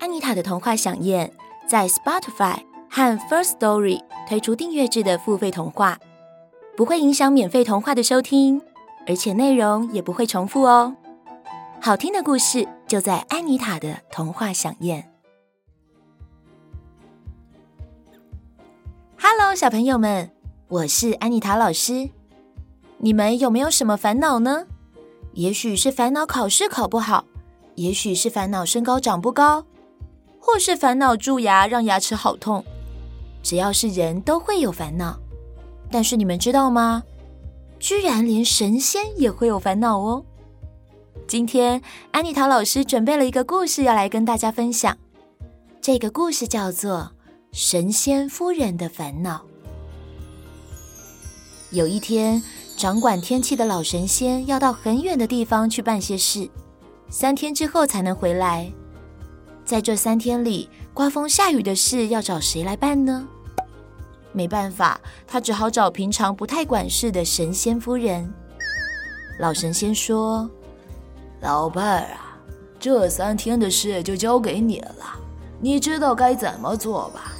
安妮塔的童話饗宴在 Spotify 和 First Story 推出訂閱制的付費童話，不會影響免費童話的收聽，而且內容也不會重複哦。好聽的故事就在安妮塔的童話饗宴。Hello，小朋友們，我是安妮塔老師。你們有沒有什麼煩惱呢？也許是煩惱考試考不好，也許是煩惱身高長不高。或是煩惱蛀牙讓牙齒好痛，只要是人都會有煩惱，但是你們知道嗎？居然連神仙也會有煩惱哦！今天安妮塔老師準備了一個故事要來跟大家分享，這個故事叫做《神仙夫人的煩惱》。有一天，掌管天氣的老神仙要到很遠的地方去辦些事，三天之後才能回來。在這三天裡，颳風下雨的事要找誰來辦呢？沒辦法，他只好找平常不太管事的神仙夫人。老神仙說：“老伴兒啊，這三天的事就交給你了，你知道該怎麼做吧？”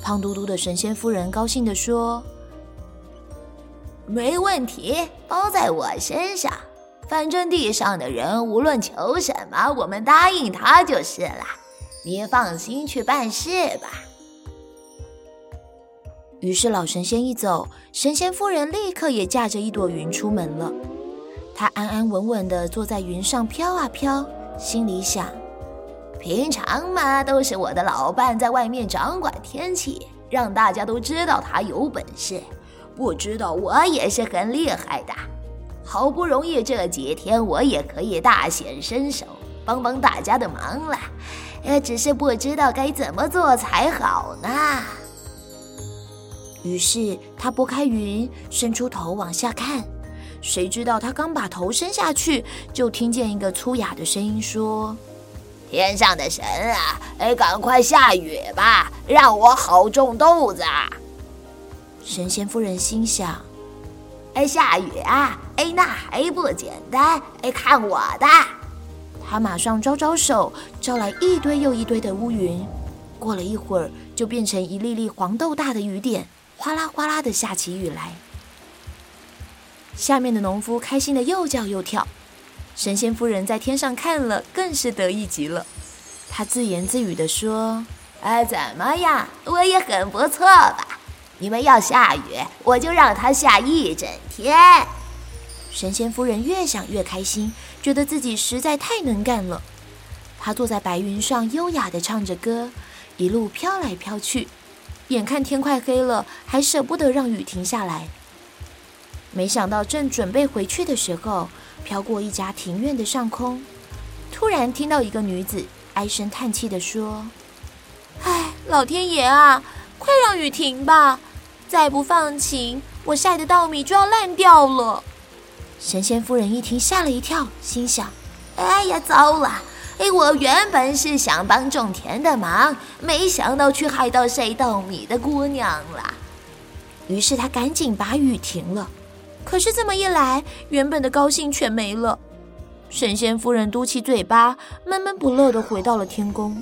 胖嘟嘟的神仙夫人高興地說：“沒問題，包在我身上。”反正地上的人無論求什麼，我們答應他就是了。你也放心去辦事吧。於是老神仙一走，神仙夫人立刻也駕着一朵雲出門了。她安安穩穩的坐在雲上飄啊飄，心裡想：平常嘛，都是我的老伴在外面掌管天氣，讓大家都知道他有本事。不知道我也是很厲害的。好不容易這幾天，我也可以大顯身手，幫幫大家的忙了。呃，只是不知道該怎麼做才好呢。於是他撥開雲，伸出頭往下看。誰知道他剛把頭伸下去，就聽見一個粗啞的聲音說：“天上的神啊，哎，趕快下雨吧，讓我好種豆子。”神仙夫人心想。哎，下雨啊！哎，那還不簡單。哎，看我的！他馬上招招手，招來一堆又一堆的烏雲。過了一會兒，就變成一粒粒黃豆大的雨點，嘩啦嘩啦的下起雨來。下面的農夫開心的又叫又跳。神仙夫人在天上看了，更是得意極了。他自言自語的說：“哎，怎麼樣？我也很不錯吧。”你們要下雨，我就讓它下一整天。神仙夫人越想越開心，覺得自己實在太能幹了。她坐在白雲上，優雅地唱着歌，一路飄來飄去。眼看天快黑了，還舍不得讓雨停下來。沒想到正準備回去的時候，飄過一家庭院的上空，突然聽到一個女子唉聲嘆氣地說：“唉，老天爺啊，快讓雨停吧！”再不放晴，我曬的稻米就要爛掉了。神仙夫人一聽，嚇了一跳，心想：“哎呀，糟了！哎，我原本是想幫種田的忙，沒想到卻害到曬稻米的姑娘了。”於是她趕緊把雨停了。可是這麼一來，原本的高興卻沒了。神仙夫人嘟起嘴巴，悶悶不樂地回到了天宮。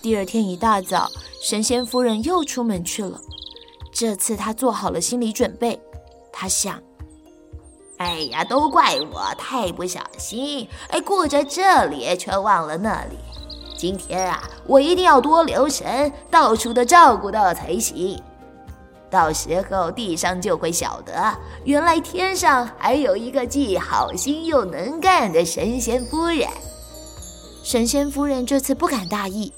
第二天一大早，神仙夫人又出門去了。這次他做好了心理準備，他想：“哎呀，都怪我太不小心，哎，顧著這裡卻忘了那裡。今天啊，我一定要多留神，到處的照顧到才行。到時候地上就會曉得，原來天上還有一個既好心又能幹的神仙夫人。神仙夫人這次不敢大意。”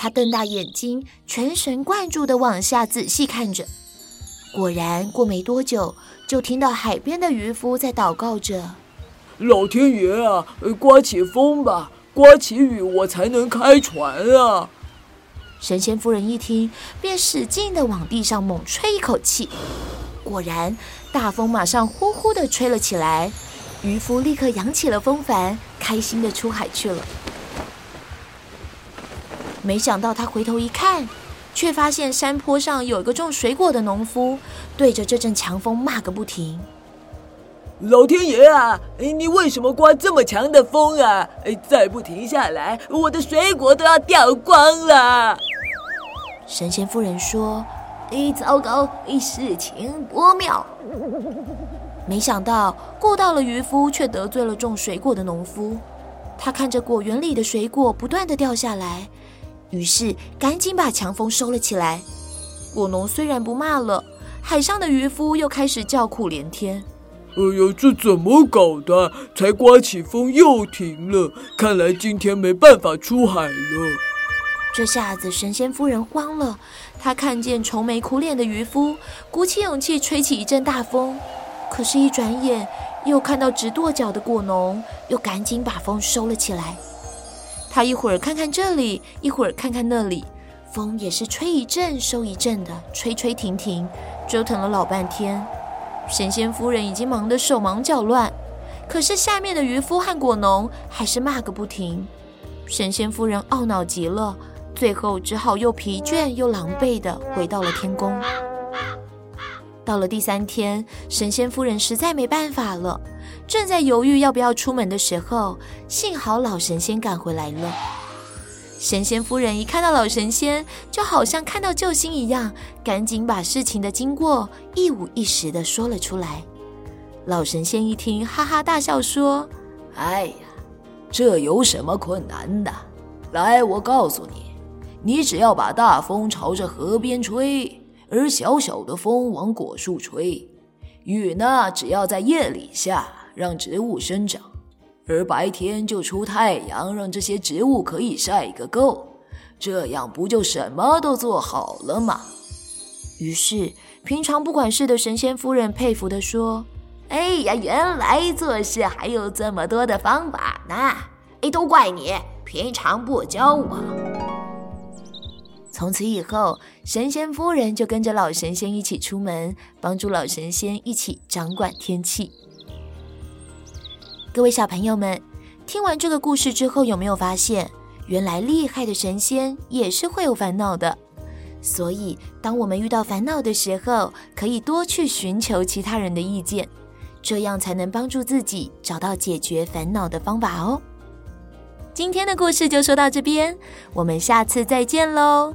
他瞪大眼睛，全神貫注地往下仔細看着。果然，過沒多久，就聽到海邊的漁夫在禱告着：“老天爺啊，颳起風吧，颳起雨，我才能開船啊！”神仙夫人一聽，便使勁地往地上猛吹一口氣。果然，大風馬上呼呼地吹了起來。漁夫立刻揚起了風帆，開心地出海去了。沒想到他回頭一看，卻發現山坡上有一個種水果的農夫，對着這陣強風罵個不停：“老天爺啊，你為什麼颳這麼強的風啊？再不停下來，我的水果都要掉光了。”神仙夫人說：“哎，糟糕，事情不妙。”沒想到顧到了漁夫卻得罪了種水果的農夫。他看着果園裡的水果不斷的掉下來。於是，趕緊把強風收了起來。果農雖然不罵了，海上的漁夫又開始叫苦連天：“哎呦，這怎麼搞的？才刮起風又停了，看來今天沒辦法出海了。”這下子，神仙夫人慌了。她看見愁眉苦臉的漁夫，鼓起勇氣吹起一陣大風。可是，一轉眼又看到直跺腳的果農，又趕緊把風收了起來。他一會兒看看這裡，一會兒看看那裡，風也是吹一陣、收一陣的，吹吹停停，折騰了老半天。神仙夫人已經忙得手忙腳亂，可是下面的漁夫和果農還是罵個不停。神仙夫人懊惱極了，最後只好又疲倦又狼狽地回到了天宮。到了第三天，神仙夫人實在沒辦法了，正在猶豫要不要出門的時候，幸好老神仙趕回來了。神仙夫人一看到老神仙，就好像看到救星一樣，趕緊把事情的經過一五一十地說了出來。老神仙一聽，哈哈大笑說：“哎呀，這有什麼困難的？來，我告訴你，你只要把大風朝着河邊吹。”而小小的風往果樹吹，雨呢只要在夜裡下，讓植物生長；而白天就出太陽，讓這些植物可以曬個夠。這樣不就什麼都做好了嗎？於是，平常不管事的神仙夫人佩服地說：“哎呀，原來做事還有這麼多的方法呢！哎，都怪你，平常不教我。”從此以後，神仙夫人就跟着老神仙一起出門，幫助老神仙一起掌管天氣。各位小朋友們，聽完這個故事之後，有沒有發現，原來厲害的神仙也是會有煩惱的？所以，當我們遇到煩惱的時候，可以多去尋求其他人的意見，這樣才能幫助自己找到解決煩惱的方法哦。今天的故事就說到這邊，我們下次再見嘍。